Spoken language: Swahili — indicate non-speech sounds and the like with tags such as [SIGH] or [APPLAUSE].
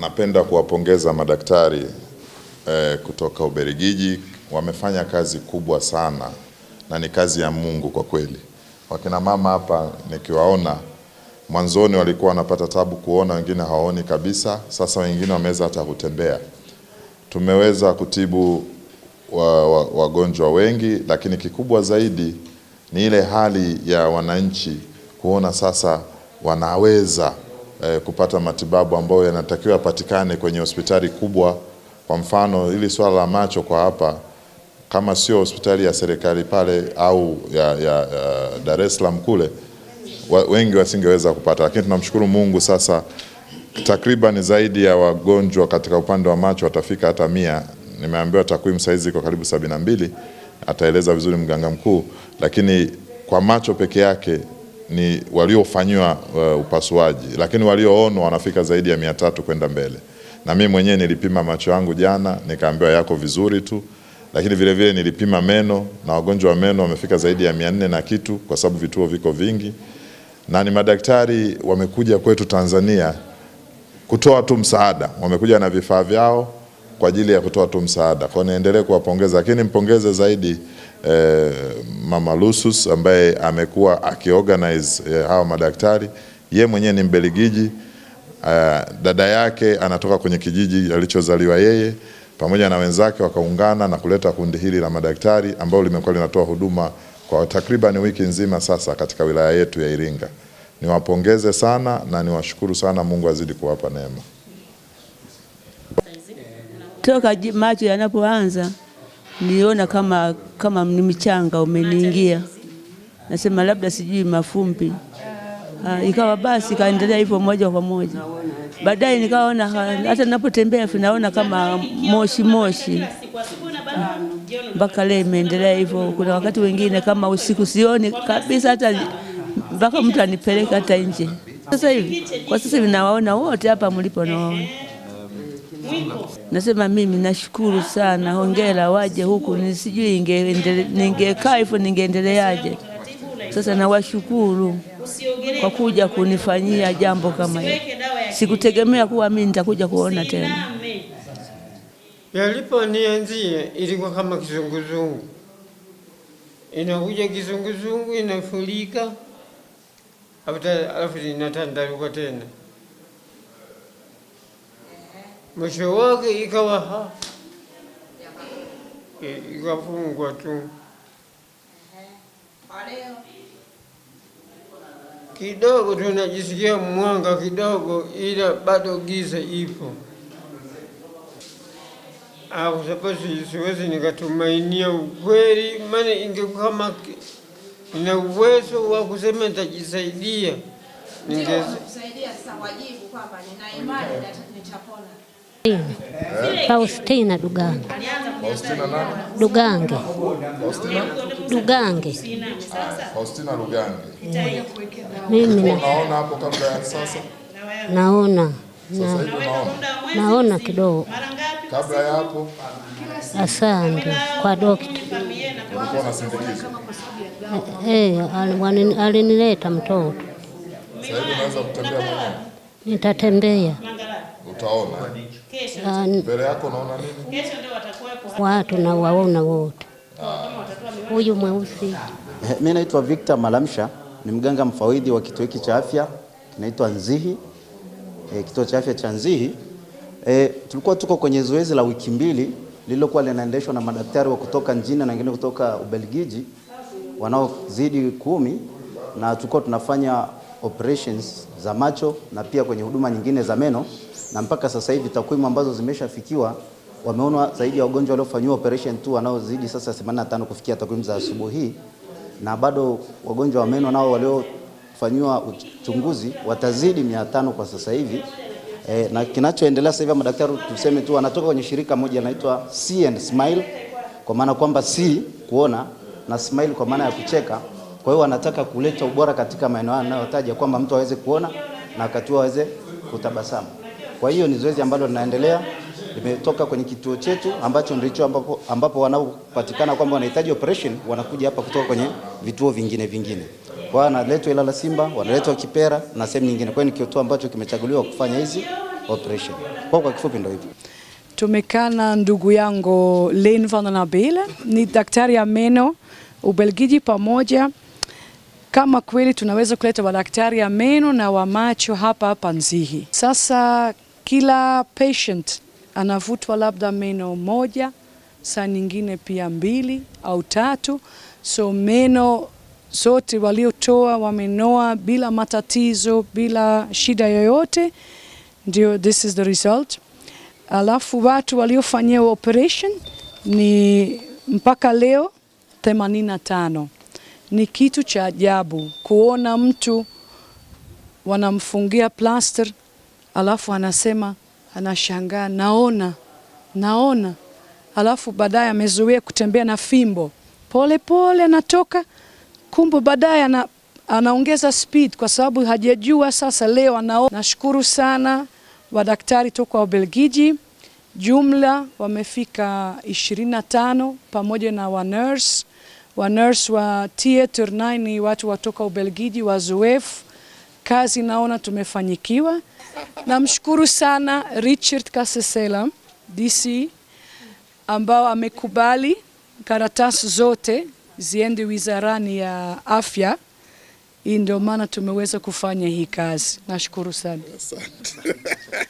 napenda kuwapongeza madaktari eh, kutoka Uberigiji. Wamefanya kazi kubwa sana na ni kazi ya Mungu kwa kweli. Wakina mama hapa nikiwaona, mwanzoni walikuwa wanapata tabu kuona, wengine hawaoni kabisa, sasa wengine wameweza hata kutembea. Tumeweza kutibu wagonjwa wa, wagonjwa wengi, lakini kikubwa zaidi ni ile hali ya wananchi kuona sasa wanaweza eh, kupata matibabu ambayo yanatakiwa yapatikane kwenye hospitali kubwa. Kwa mfano ili swala la macho kwa hapa kama sio hospitali ya serikali pale au ya, ya, ya Dar es Salaam kule wa, wengi wasingeweza kupata, lakini tunamshukuru Mungu sasa takriban zaidi ya wagonjwa katika upande wa macho watafika hata mia. Nimeambiwa takwimu saizi kwa karibu sabini na mbili, ataeleza vizuri mganga mkuu, lakini kwa macho peke yake ni waliofanyiwa uh, upasuaji, lakini walioonwa wanafika zaidi ya mia tatu kwenda mbele. Na mimi mwenyewe nilipima macho yangu jana nikaambiwa yako vizuri tu, lakini vile vile nilipima meno na wagonjwa wa meno wamefika zaidi ya mia nne na kitu, kwa sababu vituo viko vingi na ni madaktari wamekuja kwetu Tanzania kutoa tu msaada, wamekuja na vifaa vyao kwa ajili ya kutoa tu msaada. Kwa niendelee kuwapongeza, lakini mpongeze zaidi Eh, Mama Lusus ambaye amekuwa akiorganize eh, hawa madaktari. Ye mwenyewe ni mbeligiji Uh, eh, dada yake anatoka kwenye kijiji alichozaliwa yeye pamoja na wenzake wakaungana na kuleta kundi hili la madaktari ambao limekuwa linatoa huduma kwa takriban wiki nzima sasa katika wilaya yetu ya Iringa. Niwapongeze sana na niwashukuru sana, Mungu azidi kuwapa neema. Toka macho yanapoanza niliona kama kama ni mchanga umeniingia, nasema labda sijui mafumbi ha, ah, ikawa basi kaendelea hivyo moja kwa moja. Baadaye nikaona hata ninapotembea naona kama moshi moshi, ah, mpaka leo imeendelea hivyo. Kuna wakati wengine kama usiku sioni kabisa, hata mpaka mtu anipeleka hata nje. Sasa hivi kwa sasa hivi nawaona wote hapa mlipo, nawaona Nasema mimi nashukuru sana, hongera. Waje huku nisijui ningekaa hivyo ningeendeleaje? Sasa nawashukuru kwa kuja kunifanyia jambo kama hili. Sikutegemea kuwa mimi nitakuja kuona tena. nianzie ilikuwa kama kizunguzungu, inakuja kizunguzungu, inafurika, alafu inatandaruka tena mwisho wake ikawa ikafungwa tu kidogo, tunajisikia mwanga kidogo, ila bado giza ipo. Kwa sababu siwezi nikatumainia ukweli, maana ingekuwa kama nina uwezo wa kusema nitajisaidia, ningesaidia sasa wajibu kwamba nina imani nitapona. Eh? Faustina Dugange Dugange Dugange. Faustina Dugange, ah, mimi naona hapo kabla ya sasa, naona naona kidogo kabla ya hapo. Asante kwa dokta. Eh, alinileta mtoto, nitatembea utaona ah, mbele yako. Naona nini? Watu waona wote, huyu mweusi. Mimi eh, naitwa Victor Malamsha, ni mganga mfawidhi wa kituo hiki cha afya kinaitwa Nzihi. E, kituo cha afya cha Nzihi e, tulikuwa tuko kwenye zoezi la wiki mbili lililokuwa linaendeshwa na madaktari wa kutoka nchini na wengine kutoka Ubelgiji wanaozidi kumi, na tulikuwa tunafanya operations za macho na pia kwenye huduma nyingine za meno na mpaka sasa hivi takwimu ambazo zimeshafikiwa wameona zaidi ya wagonjwa waliofanyiwa operation tu wanaozidi sasa 85 kufikia takwimu za asubuhi hii, na bado wagonjwa wa meno nao waliofanyiwa uchunguzi watazidi 500 kwa sasa hivi. E, na kinachoendelea sasa hivi madaktari tuseme tu wanatoka kwenye shirika moja linaitwa See and Smile, kwa maana kwamba see kuona na smile kwa maana ya kucheka. Kwa hiyo wanataka kuleta ubora katika maeneo yanayotaja kwamba mtu aweze kuona na wakati aweze kutabasamu. Kwa hiyo ni zoezi ambalo linaendelea, limetoka kwenye kituo chetu ambacho ndicho ambapo, ambapo wanaopatikana kwamba wanahitaji operation wanakuja hapa kutoka kwenye vituo vingine vingine, kwa wanaletwa Ilala Simba, wanaletwa Kipera na sehemu nyingine. Kwa hiyo ni kituo ambacho kimechaguliwa kufanya hizi operation. Kwa kwa kifupi ndio hivyo. Tumekaa na ndugu yangu Lin van den Abele, ni daktari ya meno Ubelgiji. Pamoja kama kweli tunaweza kuleta wadaktari ya meno na wa macho hapa hapa Nzihi sasa kila patient anavutwa labda meno moja, saa nyingine pia mbili au tatu, so meno zote waliotoa wamenoa bila matatizo, bila shida yoyote, ndio this is the result. Alafu watu waliofanyiwa operation ni mpaka leo 85. Ni kitu cha ajabu kuona mtu wanamfungia plaster alafu anasema anashangaa, naona naona, alafu baadaye amezoea kutembea na fimbo polepole, anatoka kumbe baadaye ana, anaongeza speed kwa sababu hajajua. Sasa leo anaona. Nashukuru sana wadaktari toka Ubelgiji, jumla wamefika 25 pamoja na wa nurse wa theater 9 ni watu watoka Ubelgiji wazoefu. Kazi naona tumefanyikiwa. Namshukuru sana Richard Kasesela DC ambao amekubali karatasi zote ziende wizarani ya afya. Hii ndio maana tumeweza kufanya hii kazi. Nashukuru sana. Asante. [LAUGHS]